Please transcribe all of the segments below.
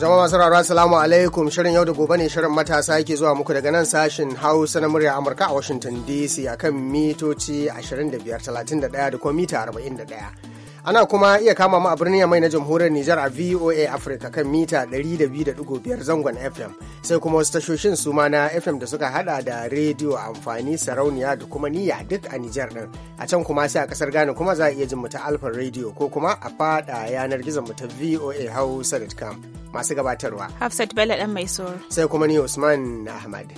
Jama'a masu sauraro salamu alaikum shirin yau da gobe ne shirin matasa yake zuwa muku daga nan sashin Hausa na murya Amurka a Washington DC akan mitoci 25 31 da kuma mita 41. Ana kuma iya kama mu a birnin mai na jamhuriyar Nijar a VOA Africa kan mita biyar zangon FM sai kuma wasu tashoshin su ma na FM da suka hada da rediyo amfani sarauniya da kuma niyya duk a Nijar din. A can kuma sai a kasar Ghana kuma za a iya jin mu ta Alpha Radio ko kuma a fada yanar gizon mu ta VOA Hausa.com. Masu gabatarwa. Hafsat Bello dan mai Sai kuma ni Usman Ahmad.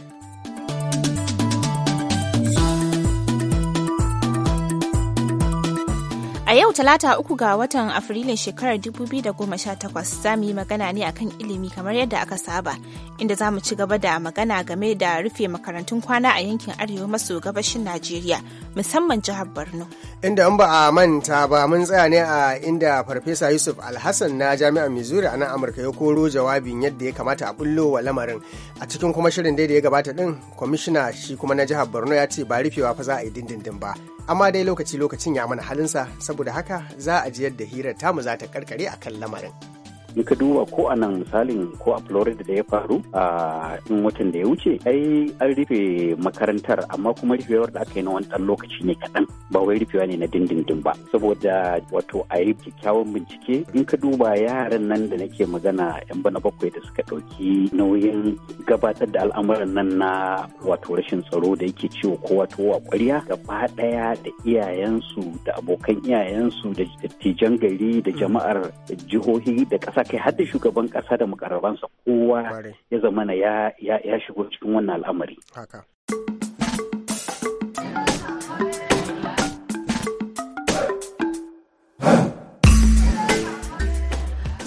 A yau talata uku ga watan Afrilun shekarar 2018 za mu yi magana ne akan ilimi kamar yadda aka saba, inda za mu ci gaba da magana game da rufe makarantun kwana a yankin arewa maso gabashin Najeriya, musamman jihar Borno. Inda an ba a manta ba mun tsaya ne a inda Farfesa Yusuf Alhassan na Jami'ar Missouri a nan Amurka ya koro jawabin yadda ya kamata a bullo wa lamarin. A cikin kuma shirin da ya gabata din, kwamishina shi kuma na jihar Borno ya ce ba rufewa fa za a yi dindindin ba. amma dai lokaci lokacin ya mana halinsa saboda haka za a ji yadda hirar tamu za ta karkare a kan lamarin. in ka duba ko a nan misalin ko a florida da ya faru a in watan da ya wuce ai an rufe makarantar amma kuma rufewar da aka yi na wani lokaci ne kaɗan ba wai rufewa ne na dindindin ba saboda wato a yi kyakkyawan bincike in ka duba yaran nan da nake magana yan bana bakwai da suka ɗauki nauyin gabatar da al'amuran nan na wato rashin tsaro da yake ciwo ko wato wa kwariya gaba ɗaya da iyayensu da abokan iyayensu da dattijan gari da jama'ar jihohi da ƙasa sa kai har da shugaban ƙasa da mukarrabansa kowa ya zama na ya shigo cikin wannan al'amari.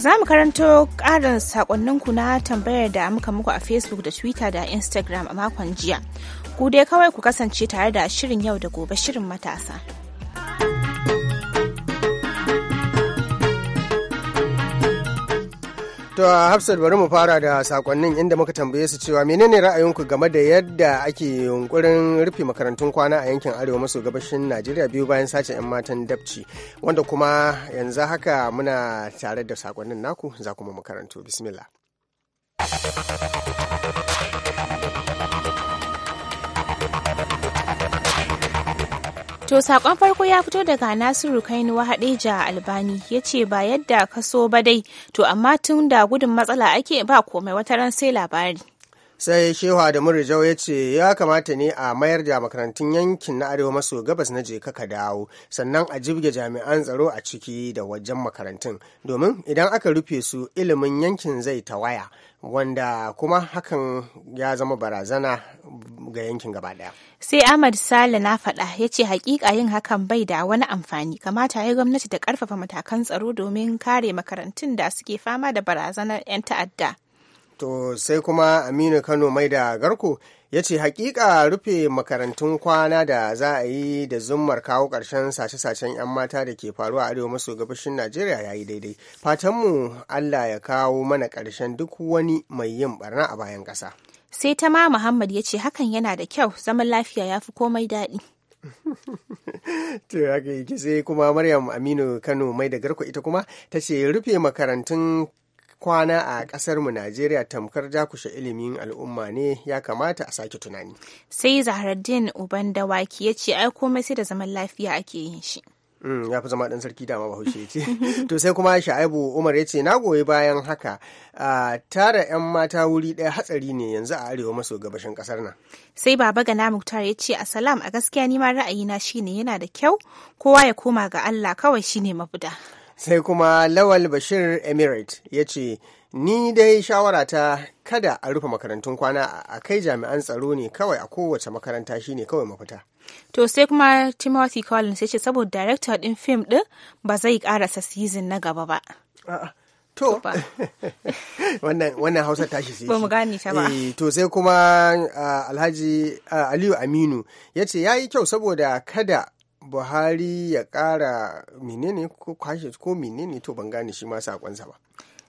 za mu karanto ƙarin sakonninku na tambayar da muka muku a facebook da twitter da instagram a makon jiya ku dai kawai ku kasance tare da shirin yau da gobe shirin matasa To Hafsat bari mu fara da sakonnin inda muka tambaye su cewa menene ra'ayinku game da yadda ake yunkurin rufe makarantun kwana a yankin arewa maso gabashin Najeriya biyu bayan sace 'yan matan dabci wanda kuma yanzu haka muna tare da sakonnin naku za kuma makarantu bismillah. To saƙon farko ya fito daga Nasiru Kainuwa a Albani ya ce ba yadda ka so ba dai to amma tun da gudun matsala ake ba komai wataran sai labari. sai shehu da murjau ya ce ya kamata ne a mayar da makarantun yankin na arewa maso gabas na jeka ka dawo sannan a jibge jami'an tsaro a ciki da wajen makarantun domin idan aka rufe su ilimin yankin zai tawaya wanda kuma hakan ya zama barazana ga yankin gaba daya sai ahmad sale na faɗa ya ce hakika yin hakan bai da wani amfani kamata ya gwamnati ta karfafa matakan tsaro domin kare makarantun da suke fama da barazanar 'yan ta'adda To sai kuma Aminu Kano mai da garko ya ce hakika rufe makarantun kwana da za a yi da zummar kawo ƙarshen sace-sacen 'yan mata da ke faruwa a arewa maso gabashin Najeriya ya yi daidai. Fatanmu Allah ya kawo mana ƙarshen duk wani mai yin barna a bayan ƙasa. Sai ta ma Muhammad ya ce hakan yana da kyau zaman lafiya ya fi komai daɗi. to haka yake sai kuma Maryam Aminu Kano mai da garko ita kuma ta ce rufe makarantun kwana a ƙasarmu Najeriya tamkar jakushe ilimin al'umma ne ya kamata a sake tunani. Sai Zahraddin Uban Dawaki ya ce ai komai sai da zaman lafiya ake yin shi. Mm, ya fi zama ɗan sarki dama bahaushe ce to sai kuma sha'ibu umar ya ce na goyi bayan haka tara 'yan mata wuri ɗaya hatsari ne yanzu a arewa maso gabashin ƙasar nan sai baba ga na muktar ya ce asalam a gaskiya ni ma ra'ayina shine yana da kyau kowa ya koma ga allah kawai shine mafita sai kuma lawal bashir emirate ya ce ni dai shawara ta kada a rufe makarantun kwana a kai jami'an tsaro ne kawai a kowace makaranta shine kawai mafita to sai kuma timothy collins ya ce saboda director din fim din ba zai karasa season na gaba ba to wannan hausa tashi sai ba mu gane ta ba eh, to sai kuma ah, alhaji ah, aliyu aminu ya ce ya yi kyau saboda kada buhari ya ƙara menene ko kwashe ko menene to ban gane shi ma sakonsa ba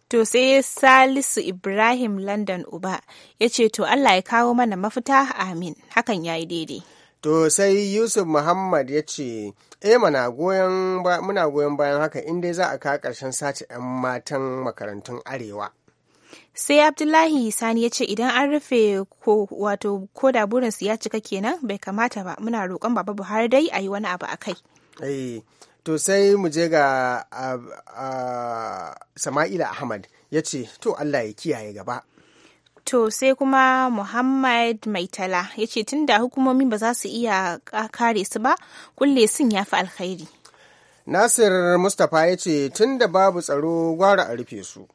To sai Salisu Ibrahim London Uba ya ce, To Allah ya kawo mana mafita, amin, hakan ya yi daidai. To sai Yusuf Muhammad ya ce, E eh, mana goyon muna goyon bayan haka in dai za a kawo ƙarshen sace 'yan matan makarantun Arewa. sai abdullahi sani ya ce idan an rufe ko wato ko da burinsu ya cika kenan bai kamata ba muna roƙon baba buhari dai a yi wani abu a kai eh, to sai mu je ga sama'ila ahmad ya ce to allah ya kiyaye gaba To sai kuma Muhammad Maitala ya ce tun da hukumomi ba za su iya kare su ba, kulle sun ya fi alkhairi. Nasir Mustapha ya ce tun da babu tsaro gwara a rufe su.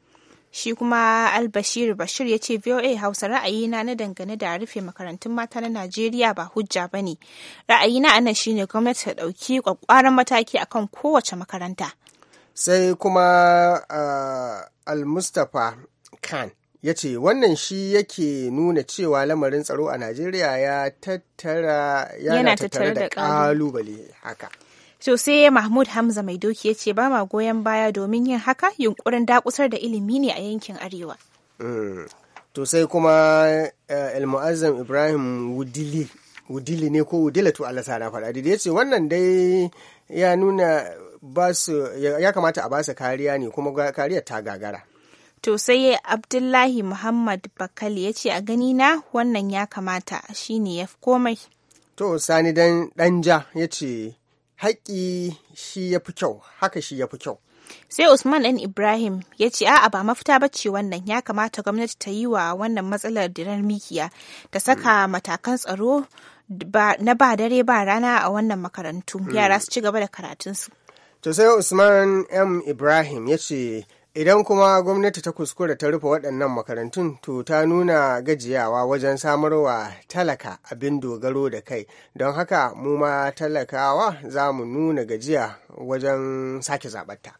Shi kuma Albashir Bashir ya ce VOA Hausa ra'ayina na dangane da rufe makarantun mata na Najeriya ba hujja ba ne. Ra'ayina a nan shine gwamnati ta ɗauki kwakwaran mataki a kan kowace makaranta. Sai kuma uh, Al-Mustapha Khan ya ce wannan shi yake nuna cewa lamarin tsaro a Najeriya ya tattara yana tattare da ƙalubale haka. To sai Mahmud Hamza mai doki ya ce ba ma goyon baya domin yin haka yunkurin dakusar da ilimi ne a yankin Arewa. Eh, to sai kuma eh, Elmu'azzam Ibrahim Wudili wudili ne ko wudila to Allah sa na faɗa da ya ce wannan dai ya nuna ya kamata a basu kariya ne kuma kariya ta gagara to sai abdullahi muhammad bakali ya ce a gani na wannan ya kamata shine ya fi komai to sani dan danja ya ce haƙƙi shi ya fi kyau haka shi ya fi kyau sai usman ɗan ibrahim ya ce a'a ba mafita ba ce wannan ya kamata gwamnati ta yi wa wannan matsalar dinar mikiya ta saka hmm. matakan tsaro na ba dare ba rana a wannan makarantu hmm. yara su ci gaba da karatunsu to sai usman m ibrahim ya ce Idan kuma gwamnati ta kuskura ta rufe waɗannan makarantun to ta nuna gajiyawa wajen samarwa talaka abin dogaro da kai don haka mu ma talakawa za mu nuna gajiya wajen sake zaɓarta.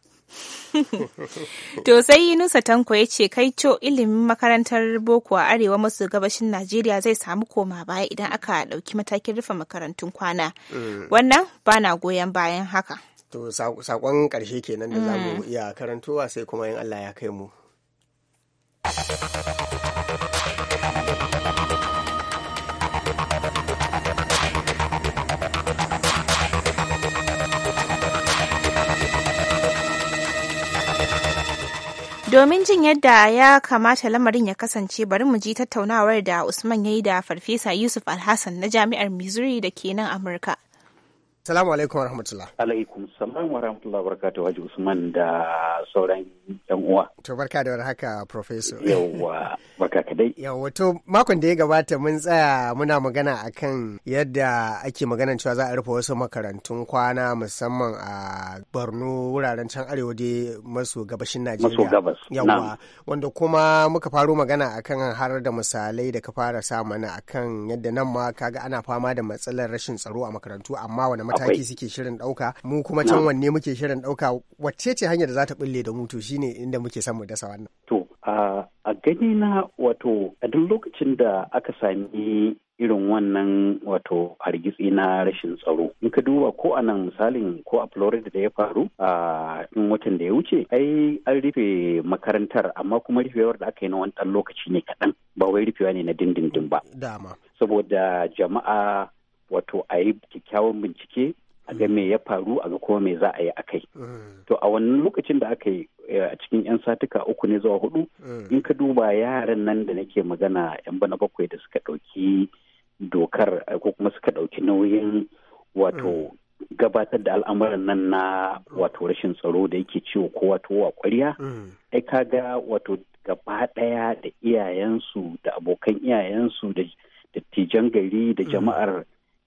to sai Yunusa Tanko ya ce kai co ilimin makarantar boko a arewa maso gabashin Najeriya zai samu koma baya idan aka ɗauki matakin rufe makarantun kwana. Mm. Wannan bana goyon bayan haka. To saƙon ƙarshe kenan da za mu mm. iya karantowa sai kuma in Allah ya kai mu. Domin jin yadda ya kamata lamarin ya kasance bari mu ji tattaunawar da Usman ya yi da Farfesa Yusuf Alhassan na Jami'ar Missouri da ke nan Amurka. Salamu alaikum wa rahmatullah. Alaikum salam wa rahmatullah barakatuhu Haji Usman da sauran yan uwa. To barka da warhaka Professor. Yawwa barka ka dai. Yawwa to makon da ya gabata mun tsaya muna magana akan yadda ake maganan cewa za a rufe wasu makarantun kwana musamman a Borno wuraren can arewa dai maso gabashin Najeriya. Maso gabas. Yawwa wanda kuma muka faro magana akan har da misalai da ka fara sa mana akan yadda nan ma kaga ana fama da matsalar rashin tsaro a makarantu amma wani mataki suke shirin ɗauka mu kuma can wanne muke shirin ɗauka wacce ce hanyar da za ta bulle da mu to shine inda muke son mu dasa wannan. To a gani na wato a duk lokacin da aka sami irin wannan wato hargitsi na rashin tsaro. In ka duba ko a nan misalin ko a Florida da ya faru a in watan da ya wuce, ai an rufe makarantar amma kuma rufewar da aka yi na wani ɗan lokaci ne kaɗan ba wai rufewa ne na dindindin ba. Dama. Saboda jama'a wato a yi kyakkyawan bincike a ga mm. me ya faru a ga kuma me za a yi a kai mm. to a wannan lokacin da aka yi eh, a cikin 'yan satuka uku ne zuwa hudu mm. in ka duba yaran nan da nake magana 'yan bana bakwai da suka ɗauki dokar eh, ko kuma suka ɗauki nauyin wato gabatar da al'amuran nan na wato rashin tsaro da yake ciwo ko wato wa Ai ai kaga wato gaba ɗaya da iyayensu da abokan iyayensu da dattijan gari da jama'ar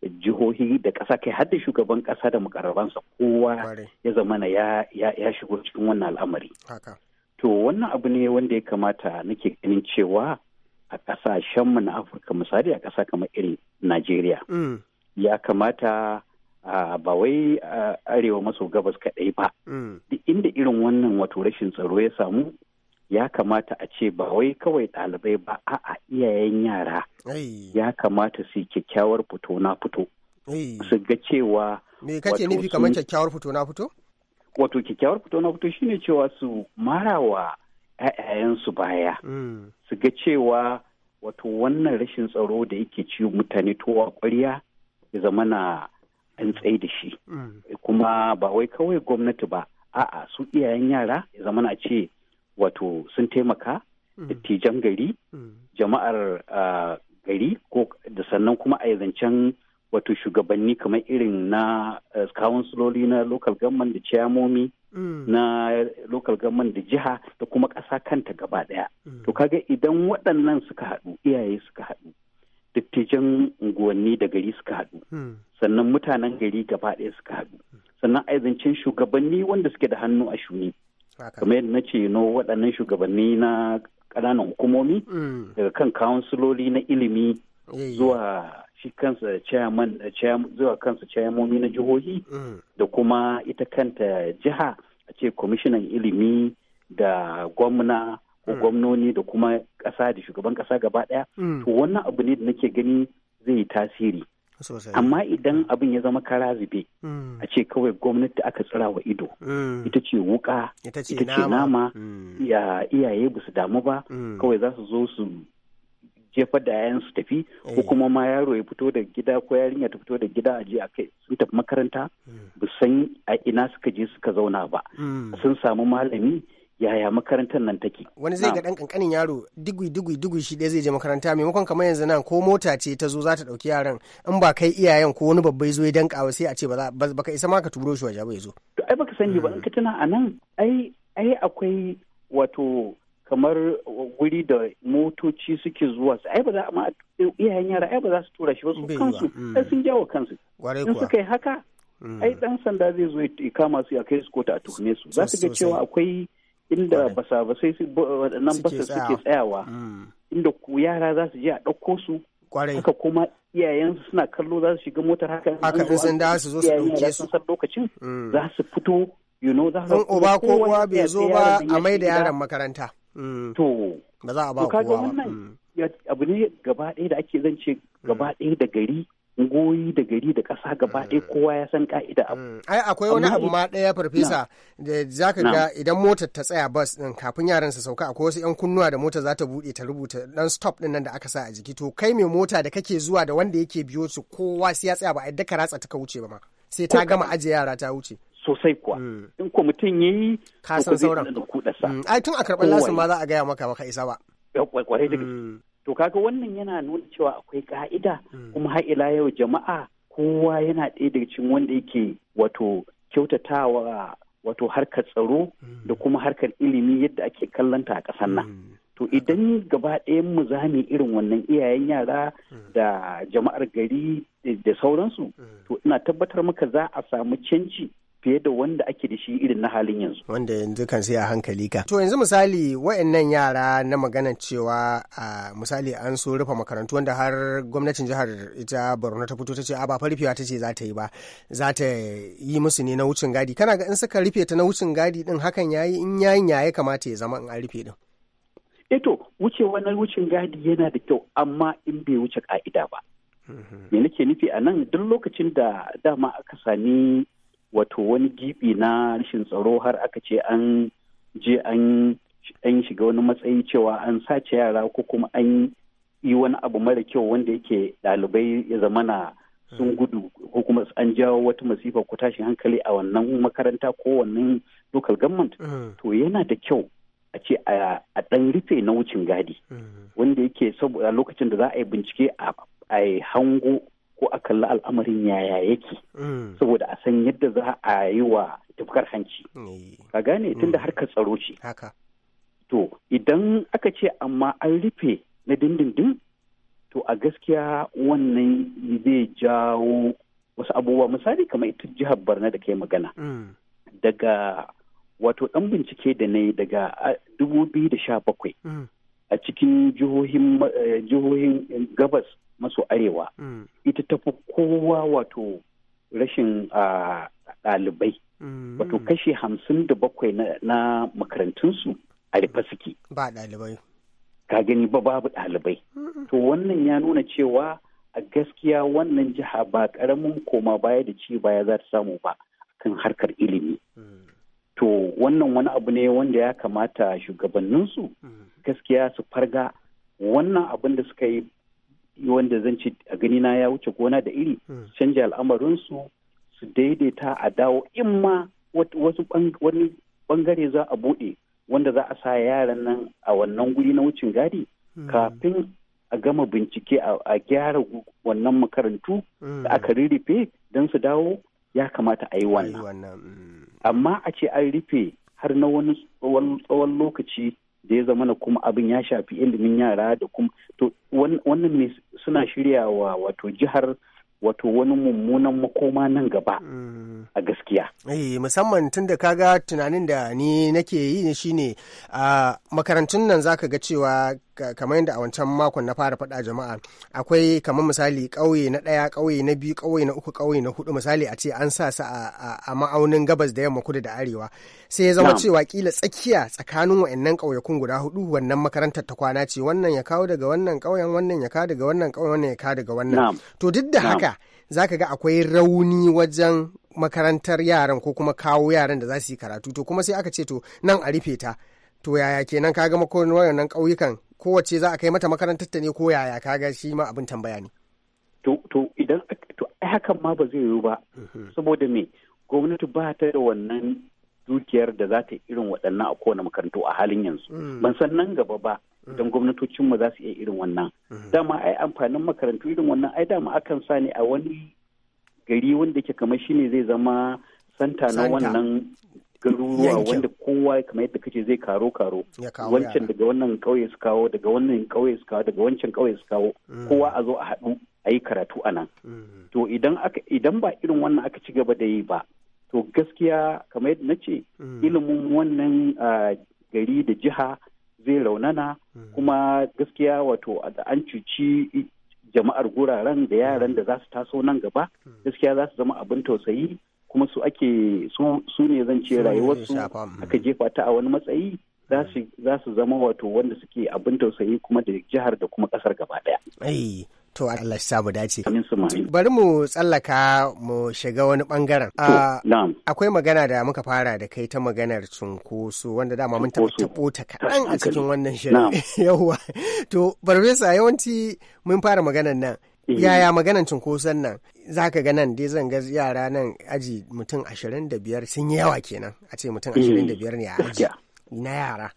jihohi da ƙasa kai har da shugaban ƙasa da mukarrabansa kowa ya zama na ya shigo cikin wannan al'amari. To wannan abu ne wanda ya kamata nake ganin cewa a mu na Afirka misali a ƙasa kamar irin Najeriya. Mm. Ya kamata ba wai arewa maso gabas kaɗai ba. Mm. Duk inda irin wannan wato rashin tsaro ya samu ya kamata a ce ba wai kawai ɗalibai ba a'a iyayen yara ya kamata su yi kyakkyawar fito na fito su ga cewa me kake nufi kamar kyakkyawar fito na fito wato kyakkyawar fito na fito shine cewa su mara wa ƴaƴayensu baya mm. su ga cewa wato wannan rashin tsaro da yake ci mutane towa ƙwarya ya zama na an tsaye da shi mm. kuma ba wai kawai gwamnati ba a'a su iyayen yara ya zama na ce wato sun taimaka mm. dattijan gari mm. jama'ar gari ko da sannan kuma a zancen wato shugabanni kamar irin na kawunsiloli na local government da ciyamomi mm. na lokal government da jiha da kuma ƙasa kanta gaba ɗaya to kaga idan waɗannan suka haɗu iyaye suka haɗu dattijan unguwanni da gari suka haɗu sannan mutanen gari gaba ɗaya suka haɗu sannan aizancin shugabanni wanda suke da hannu a shuni kamar yadda na ce no waɗannan shugabanni na ƙananan hukumomi mm. daga kan kansuloli na ilimi zuwa shi kansa chairman eh, zuwa kansa chairmomi na jihohi mm. da kuma ita kanta jiha a ce kwamishinan ilimi da gwamna ko mm. gwamnoni da kuma ƙasa da shugaban ƙasa gaba ɗaya to wannan abu ne da nake gani zai yi tasiri amma idan abin ya zama kara zube hmm. a ce kawai gwamnati aka tsira wa ido hmm. ita ce wuka ita ce nama hmm. iyaye ba su damu ba kawai za su zo su jefa da yayan su tafi ko eh. kuma ma yaro ya fito da gida ko yarinya ta fito da gida a je a kai sun tafi makaranta ba san a ina suka je suka zauna ba sun samu malami yaya makarantar nan take wani zai ga dan kankanin yaro digwi digwi digwi shi ɗaya zai je makaranta maimakon kamar yanzu nan ko mota ce ta zo za ta ɗauki yaran in ba kai iyayen ko wani babbai zo ya danka sai a ce ba ka isa ma ka turo shi waje ba ya zo to ai baka sani ba in ka tuna a nan ai ai akwai wato kamar guri da motoci suke zuwa su ai ba za a iyayen yara ai ba za su tura shi ba su kansu ai sun mm. jawo kansu kuwa. in suka yi haka mm. ai dan sanda zai zo ya kama su ya kai su kota a tuhume su za su ga cewa akwai inda basa ba sai waɗannan basa suke tsayawa mm. inda ku yara za su je a ɗauko su kwarai haka kuma iyayensu suna kallo za su shiga motar haka haka in sun da su zo su ɗauke su san lokacin mm. za su fito you know za su uba ko uwa bai zo ba a mai da yaran makaranta mm. to ba za a ba kowa ba abu ne gaba ɗaya da ake zance gaba ɗaya da gari goyi da gari da ƙasa gaba ɗaya mm. kowa ya san ka'ida abu. Mm. Ai akwai wani abu ma ɗaya farfesa da za ka ga idan motar ta tsaya bas ɗin kafin yaran su sauka akwai wasu 'yan kunnuwa da mota za ta buɗe ta rubuta ɗan stop ɗin nan da aka sa a jiki to kai mai mota da kake zuwa da wanda yake biyo su kowa sai ya tsaya ba a yadda ka ratsa ta ka wuce ba ma sai ta gama ajiye yara ta wuce. sosai kuwa. Mm. In ko mutum ya yi, ka san sauran. Ai tun a karɓar lasin ma za a gaya maka maka isa ba. Kwarai da to kaga wannan yana nuna cewa akwai ka'ida mm. kuma har ila yau jama'a kowa yana ɗaya daga cikin wanda yake wato kyautatawa wato harkar tsaro mm. da kuma harkar ilimi yadda ake kallanta a ƙasar nan mm. to idan gaba ɗayan mu za mu irin wannan iyayen yara da jama'ar gari da sauransu to ina tabbatar maka za a samu canci fiye da wanda ake da shi irin na halin yanzu. Wanda yanzu kan sai a hankali ka. To yanzu misali wayannan yara na magana cewa a misali an so rufe makarantu wanda har gwamnatin jihar ita Borno ta fito ta ce a ba rufewa ta ce za ta yi ba za ta yi musu ne na wucin gadi. Kana ga in suka rufe ta na wucin gadi din hakan yayi in yayin ya kamata ya zama in a rufe din. Eto eh wucewa na wucin gadi yana da kyau amma in bai wuce ka'ida ba. Mhm. Me nake nufi a nan duk lokacin da dama aka sami wato wani gibi na rashin tsaro har aka ce an je an an shiga wani matsayi cewa an sace yara ko kuma an yi wani abu mara kyau wanda yake ɗalibai ya zama na sun hmm. gudu ko kuma an jawo wata masifa ko tashin hankali a wannan makaranta ko wannan local government hmm. to yana da kyau a ce a ɗan rufe na wucin gadi hmm. wanda yake saboda lokacin da za a yi bincike a hango ko a kalli al'amarin yaya yake mm. saboda a san yadda za a yi wa tafkar hanci eh. ka gane mm. da harkar tsaro ce to idan aka ce amma an rufe na dindindin to a gaskiya wannan zai jawo wasu abubuwa misali kamar ita jihar barna da kai magana mm. daga wato dan bincike da na yi daga 2017 a cikin jihohin eh, eh, gabas maso arewa mm. ita ta fi kowa wato rashin ɗalibai mm. wato kashi hamsin da bakwai na makarantunsu a rufe suke ba ɗalibai ka gani ba babu ɗalibai to wannan ya nuna cewa a gaskiya wannan jiha ba ƙaramin koma baya da ci baya za ta samu ba kan harkar ilimi mm. to wannan wani abu ne wanda ya kamata shugabanninsu gaskiya su farga wannan abin da suka yi wanda zan ce a gani na ya wuce gona da iri hmm. canja al'amarinsu su daidaita a dawo in ma wasu wani bangare za a buɗe wanda za a sa yaran nan a wannan guri na wucin gadi hmm. kafin a gama bincike a gyara wannan makarantu hmm. da aka rirrife don su dawo ya kamata a yi wannan amma a ce an rufe har na wani tsawon lokaci da ya zama na kuma abin ya shafi ilimin yara da kuma to wannan ne suna shiryawa wato jihar wato wani mummunan makoma nan gaba mm. a gaskiya. Eh musamman tun da kaga tunanin da ni nake yi ne shine a makarantun nan zaka ga cewa kamar yadda a wancan makon na fara faɗa jama'a akwai kamar misali ƙauye na ɗaya ƙauye na biyu ƙauye na uku ƙauye na hudu misali a ce an sa su a ma'aunin gabas da yamma kudu da arewa sai ya zama cewa kila tsakiya tsakanin wa'annan ƙauyakun guda hudu wannan makarantar ta kwana ce wannan ya kawo daga wannan ƙauyen wannan ya kawo daga wannan ƙauyen wannan ya kawo daga wannan to duk da haka Za ka ga akwai rauni wajen makarantar yaran ko kuma kawo yaran da za su yi karatu to kuma sai aka ce to nan a rufe ta to yaya kenan ka kaga makonin kauyukan ƙauyukan kowace za a kai mata makarantar ta ne ko yaya ka ga shi ma abin tambaya ne to to idan to ai hakan ma ba zai yiwu ba mhm. saboda me gwamnati ba ta da wannan dukiyar da za ta irin waɗannan a kowane makarantu a halin yanzu mm. ban san nan gaba ba idan mm. gwamnatocinmu za su iya irin wannan mm. dama ai amfanin makarantu irin wannan ai dama akan sa ne a wani gari wanda ke kamar ne zai zama santa na wannan garuruwa wanda kowa kamar yadda kace zai karo karo wancan daga wannan kauye su kawo daga wannan kauye su kawo daga wancan kauye su kawo mm. kowa a zo a haɗu a yi karatu a nan to idan aka idan ba irin wannan aka ci gaba da yi ba to gaskiya kamar yadda nace ilimin wannan ah, gari da jiha zai raunana hmm. kuma gaskiya wato an cuci jama'ar guraren da yaran da za su taso nan gaba hmm. gaskiya za su zama abin tausayi kuma su ake su ne zan ce rayuwarsu hmm. aka jefa ta a wani matsayi za su zama wato wanda suke abin tausayi kuma da jihar da kuma kasar gaba daya. To Allah shi sabu dace. Bari mu tsallaka mu shiga wani bangaren. Ah, akwai magana da muka fara da kai ta maganar cunkoso wanda dama mun kaɗan a cikin wannan shirin. Yawwa. To Farfesa yawanci mun fara maganar nan. Eh. Yaya maganar cunkoson nan? Za ka ga nan dai zan ga yara nan aji mutum ashirin da biyar sun yi yawa kenan a ce mutum eh. ashirin da biyar ne a aji na yara.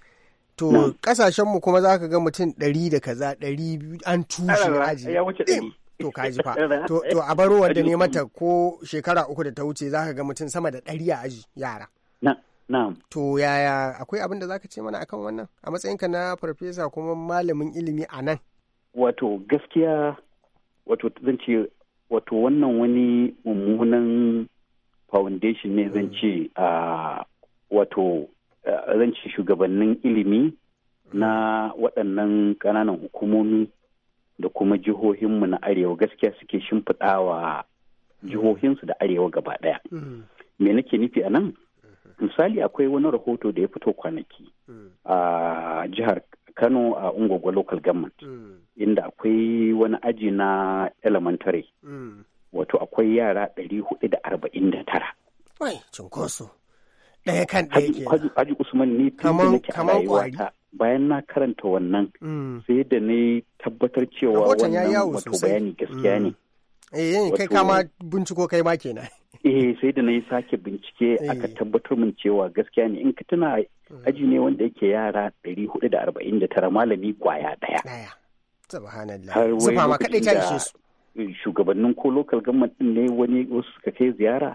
to kasashen mu kuma zaka ga mutum ɗari da kaza ɗari biyu an tushe aji to ka ji fa to a baro wanda ne mata ko shekara uku da ta wuce zaka ga mutum sama da ɗari a aji yara to yaya akwai abin da za ce mana akan wannan a matsayinka na farfesa kuma malamin ilimi a nan wato gaskiya wato zan ce wato wannan wani mummunan foundation ne zan mm. ce a ah, wato Eh, zan ce shugabannin ilimi na waɗannan ƙananan hukumomi da kuma jihohinmu na arewa gaskiya suke shimfiɗawa jihohinsu da arewa gaba ɗaya. Mm. Me nake nufi a nan? Mm-hmm. Misali akwai wani rahoto da ya fito kwanaki mm. a jihar Kano a Ungwagwa Local Government mm. inda akwai wani aji na elementary wato akwai yara 449. Wai, tara. ɗaya kan ɗaya ke haji usman ni tun da nake bayan na karanta wannan mm. sai da ne tabbatar cewa wannan wato bayani gaskiya ne mm. eh kai kama binciko kai ma kenan eh sai da na yi sake bincike eh. aka tabbatar min cewa gaskiya ne in ka tuna mm. aji ne wanda yake yara 449 malami kwaya daya subhanallah sufa ma kadai ta ishe su shugabannin ko local government ne wani wasu suka kai ziyara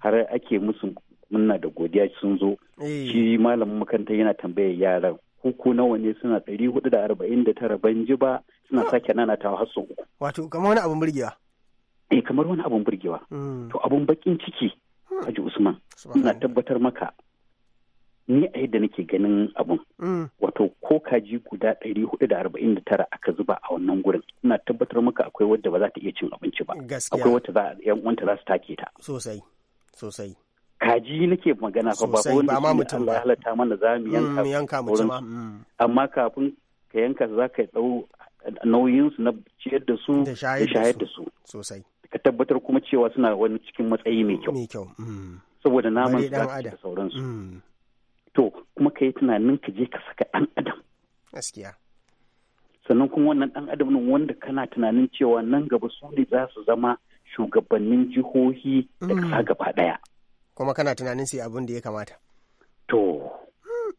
har ake musu muna da godiya sun zo eh. shi malamin makaranta yana tambayar yaran huku nawa ne suna ɗari hudu da arba'in da tara ban ji ba suna ah. sake nanatawa har sau uku. Wato kamar wani abin burgewa. Eh kamar wani abin burgewa. Hmm. To abin bakin ciki hmm. Haji Usman ina tabbatar maka ni a yadda nake ganin abun. Hmm. Wato ko kaji guda ɗari hudu da arba'in da tara aka zuba a wannan gurin ina tabbatar maka akwai wadda ba za ta iya cin abinci ba. Akwai wata yan uwanta za su take ta. Sosai sosai. kaji nake magana fa ba wanda ba mutum ba halatta mana za mu mm, yanka yanka mutum mm. amma kafin ka yanka za ka dau nauyin su na ciyar da su da shayar da su sosai ka tabbatar kuma cewa suna wani cikin matsayi mai kyau mai kyau mm. saboda naman su da sauransu to kuma ka yi tunanin ka je ka saka dan adam gaskiya sannan kuma wannan dan adam nan wanda kana tunanin cewa nan gaba su ne za su zama shugabannin jihohi da kasa gaba daya kuma kana tunanin su abin da ya kamata to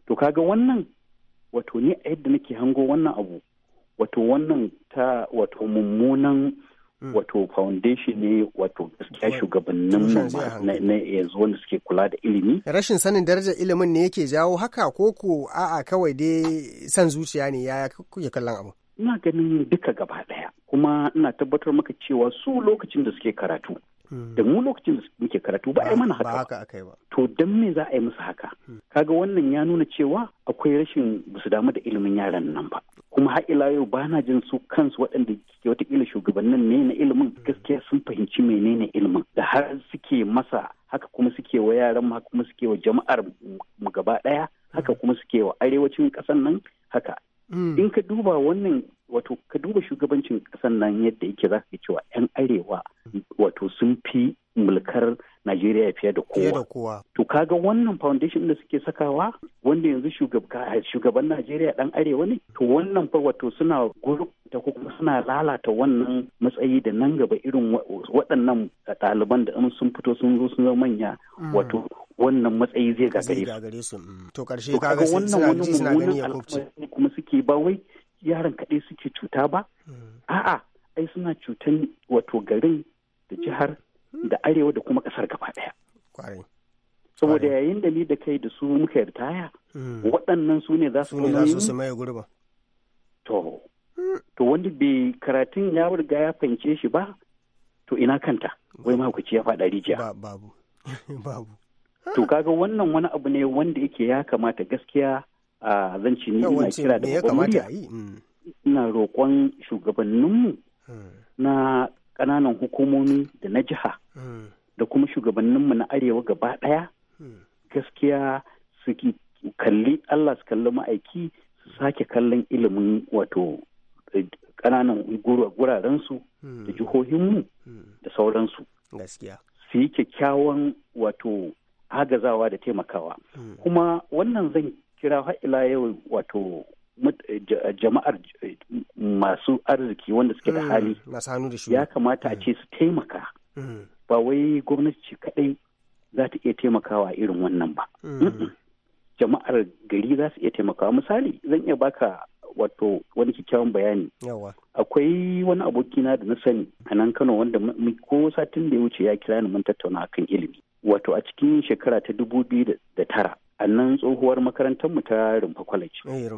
to kaga wannan wato ni a yadda nake hango wannan abu wato wannan ta wato mummunan hmm. wato foundation ne wato gaskiya shugabannin na yanzu wanda suke kula da ilimi rashin sanin darajar ilimin ne yake jawo haka ko ko a'a kawai dai san zuciya ne ya kuke kallon abu ina ganin duka gaba daya kuma ina tabbatar maka cewa su lokacin da suke karatu da mu hmm. lokacin da muke karatu ba a yi ah, mana haka ba to don me za a yi musu haka hmm. kaga wannan ya nuna cewa akwai rashin basu damu da ilimin yaran nan ba kuma har ila yau ba na jin su kansu waɗanda ke watakila shugabannin ne na ilimin hmm. gaskiya sun fahimci menene ilimin da har suke masa haka kuma suke wa yaran ma kuma suke wa jama'ar mu gaba ɗaya haka kuma suke wa arewacin ƙasar nan haka in ka duba wannan wato ka duba shugabancin kasan nan yadda yake za ka cewa 'yan arewa wato sun fi mulkar Najeriya fiye da kowa. To kaga wannan foundation da suke sakawa wanda yanzu shugaban Najeriya dan arewa ne? To wannan fa wato suna gurbata ko kuma suna lalata wannan matsayi da nan gaba irin waɗannan ɗaliban da sun fito sun zo sun zama manya mm. wato wannan matsayi zai gagare su. Mm. To karshe kaga wannan wani mummunan al'amari suke ba wai yaran kaɗai suke cuta ba a'a ai suna cutan wato garin da jihar da arewa da kuma ƙasar gaba ɗaya saboda yayin da ni da kai da su muka ritaya hmm. waɗannan su ne za su maye gurba to to wanda bai karatun ya riga ya fahimce shi ba to ina kanta wai mahaukaci ya faɗa rijiya babu babu to kaga wannan wani abu ne wanda yake ya kamata gaskiya zan ce ni ina kira da murya hmm. ina roƙon shugabanninmu hmm. na ƙananan hukumomi da na jiha hmm. da kuma shugabanninmu na arewa gaba ɗaya gaskiya su kalli Allah su kalli ma'aiki su sake kallon ilimin wato eh, ƙananan gurarensu da jihohinmu da sauransu gaskiya su yi kyakkyawan wato agazawa da taimakawa kuma wannan zan kira har ila yau wato jama'ar masu arziki wanda suke da mm, hali ya kamata a mm. ce su taimaka mm. ba wai gwamnati kadai za ta iya taimakawa irin wannan ba jama'ar gari za su iya taimakawa misali zan iya baka wato wani kyakkyawan bayani akwai wani abokina da na sani a nan kano wanda ko satin da ya wuce ya kira ni mun tattauna akan ilimi wato a cikin shekara ta dubu biyu da tara a nan tsohuwar makarantarmu ta rumfa college eh,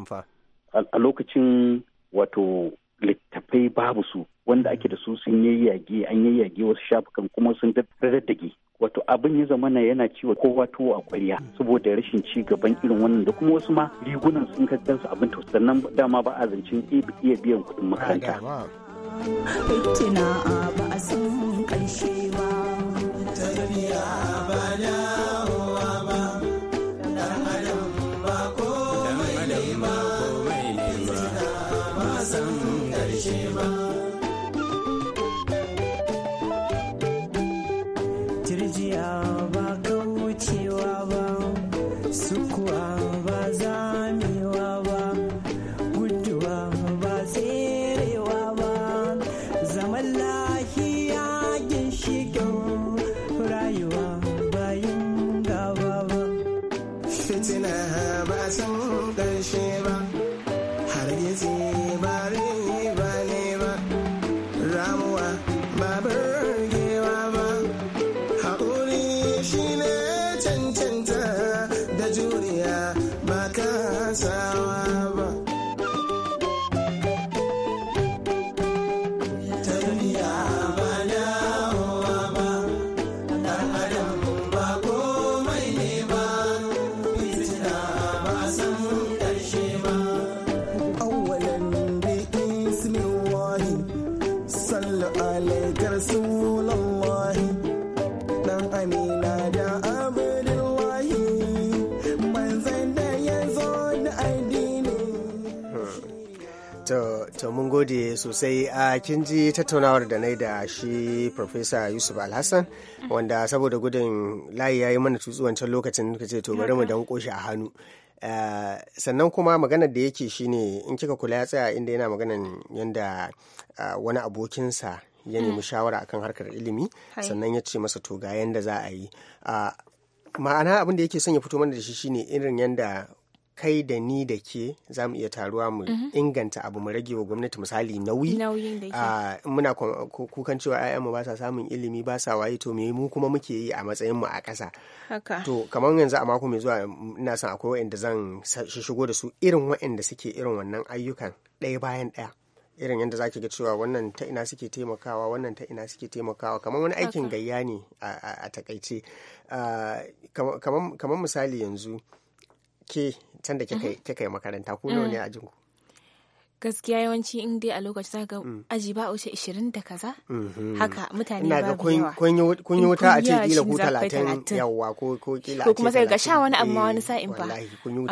a lokacin wato littafai babu su wanda ake da su sun yayyage an yayyage wasu shafukan kuma sun daddage wato abin ya zamana yana ciwo kowa tuwo a kwariya saboda rashin ci gaban irin wannan da kuma wasu ma rigunan sun kakkan su abin to sannan dama ba a zancen iya biyan kuɗin makaranta. Ah, to mun gode sosai a kin ji tattaunawar da na yi da shi Profesa Yusuf Alhassan wanda saboda gudun layi ya yi mana tutsuwan can lokacin ka ce to bari mu dan koshi a hannu. sannan kuma maganar da yake shine in kika kula ya tsaya inda yana maganan yanda wani abokinsa ya nemi hmm. shawara akan harkar ilimi sannan ya ce masa to ga yanda za a yi ma'ana abin da yake son ya fito mana da shi shine irin yanda kai da ni da ke za mu iya taruwa mu mhm. inganta abu mu rage wa gwamnati misali nauyi ah, muna kukan cewa mu ba sa samun ilimi ba sa waye to me mu kuma muke yi a matsayin mu a ƙasa to kamar yanzu a mako mai zuwa ina son akwai wa'anda zan shigo da su irin wa'anda suke irin wannan ayyukan ɗaya bayan ɗaya irin yadda zaki ga cewa wannan ta ina suke taimakawa wannan ta ina suke taimakawa kamar wani aikin gayya ne a takaice ah, kamar misali yanzu ke can da kika yi makaranta ku nawa ne mm. a jinku gaskiya yawanci in dai a lokaci za ga mm. aji ba a wuce ishirin da kaza mm-hmm. haka mutane ba yawa kun yi wuta a ce kila ko talatin yawa ko kila ko kuma sai ga sha wani amma wani sa'in ba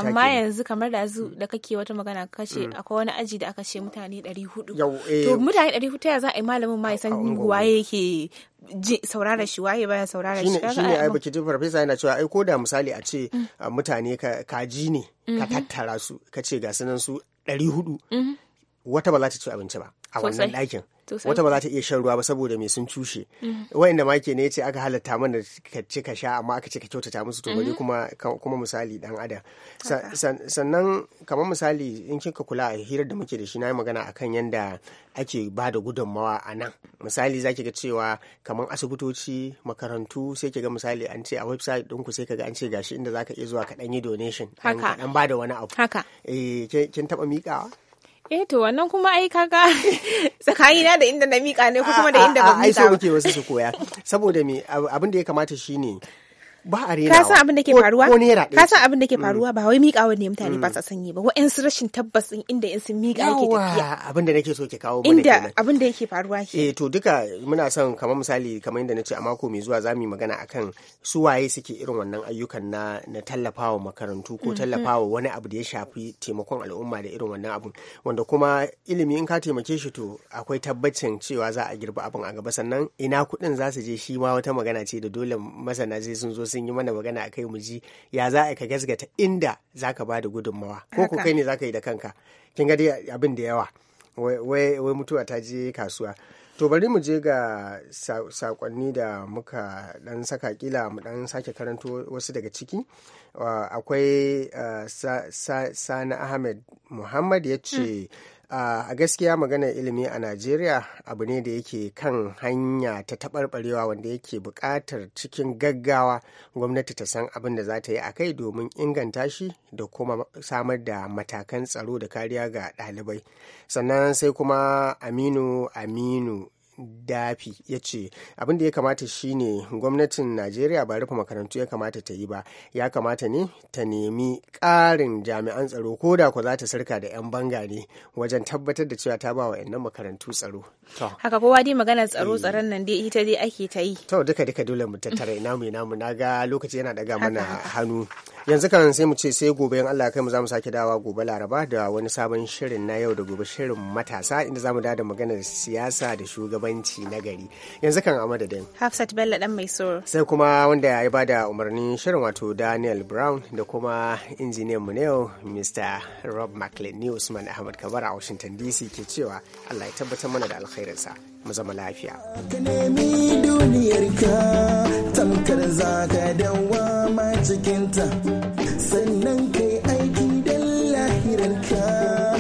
amma yanzu kamar da zu da kake wata magana ce mm. akwai wani aji da aka ce mutane hudu eh. to mutane hudu ya za a yi malamin ma ya san waye yake saurara shi waye baya saurara shi shi ne ai baki farfesa yana cewa ai ko da misali a ce mm. mutane kaji ne ka mm-hmm. tattara su ka ce ga sunan su ɗari hudu mhm. wata ba za ta ci abinci ba a wannan ɗakin wata ba za ta iya shan ruwa ba saboda mai sun cushe mm. wa'inda ma ke ne ce aka halatta mana ka ci ka sha amma aka ce ka kyautata musu to bari mm. kuma kuma misali dan adam sannan kamar misali in kika kula a hirar da muke da shi na yi magana akan yanda ake ba da gudunmawa a nan misali za ki ga cewa kamar asibitoci makarantu sai ki ga misali an ce a website ku sai ka ga an ce gashi inda zaka iya zuwa ka dan yi donation ka ɗan ba da wani abu eh, kin taba miƙawa eh to wannan kuma ai kaga tsakanina da inda na mika ne ko kuma da inda ba mika ai so muke wasu su koya saboda me abin da ya kamata shine ba a rena ka abin da ke faruwa ka abin da ke mm. faruwa ba wai ne mutane ba mm. sa sanyi ba su rashin tabbas ɗin inda in sun miƙa yake tafiya abin da nake so ke kawo mana inda abin da yake faruwa ke eh to duka muna son kamar misali kamar na nace a mako mai zuwa zamu yi magana akan su waye suke irin wannan ayyukan na na tallafawa makarantu ko mm-hmm. tallafawa wani abu da ya shafi taimakon al'umma da irin wannan abun wanda kuma ilimi in ka taimake shi to akwai tabbacin cewa za a girba abin a gaba sannan ina kuɗin za su je shi ma wata magana ce da dole masana zai sun zo sun yi mana magana akai mu ji ya za a ka gasgata inda za ka ba da gudunmawa ko ku kai ne za ka yi da kanka kin ga abin da yawa wai mutuwa ta je kasuwa to bari mu je ga sakonni da muka dan saka kila mu dan sake karanto wasu daga ciki akwai eh, sani ahmed muhammad ya ce hmm. Ah, a gaskiya maganar ilimi a najeriya abu ne da yake kan hanya ta taɓarɓarewa wanda yake buƙatar cikin gaggawa gwamnati ta san abin da za ta yi a kai domin inganta shi da kuma samar da matakan tsaro da kariya ga ɗalibai sannan sai kuma aminu aminu dafi ya ce abin da ya kamata shine gwamnatin najeriya ba rufe makarantu ya kamata ta yi ba ya kamata ne ta nemi ƙarin jami'an tsaro ko da ku za ta sarka da 'yan banga ne wajen tabbatar da cewa ta ba wa 'yan makarantu tsaro haka kowa dai maganar tsaro eh. tsaron nan dai ita dai ake ta yi to duka duka dole mu tattara ina mu ina mu na ga lokaci yana daga mana hannu yanzu kan sai mu ce sai gobe in Allah kai mu zamu sake dawa gobe Laraba da wani sabon shirin na yau da gobe shirin matasa inda zamu da maganar siyasa da shugabanci na gari yanzu kan Hafsat Bello dan mai soro sai kuma wanda ya bada umarnin shirin wato Daniel Brown da kuma injiniyan mu yau Mr Rob McLean ni Usman Ahmad Kabara a Washington DC ke cewa Allah ya tabbatar mana da alkhairinsa mu zama lafiya. Ka nemi duniyarka tamkar za ka dawama cikinta sannan kai aiki don lahirarka.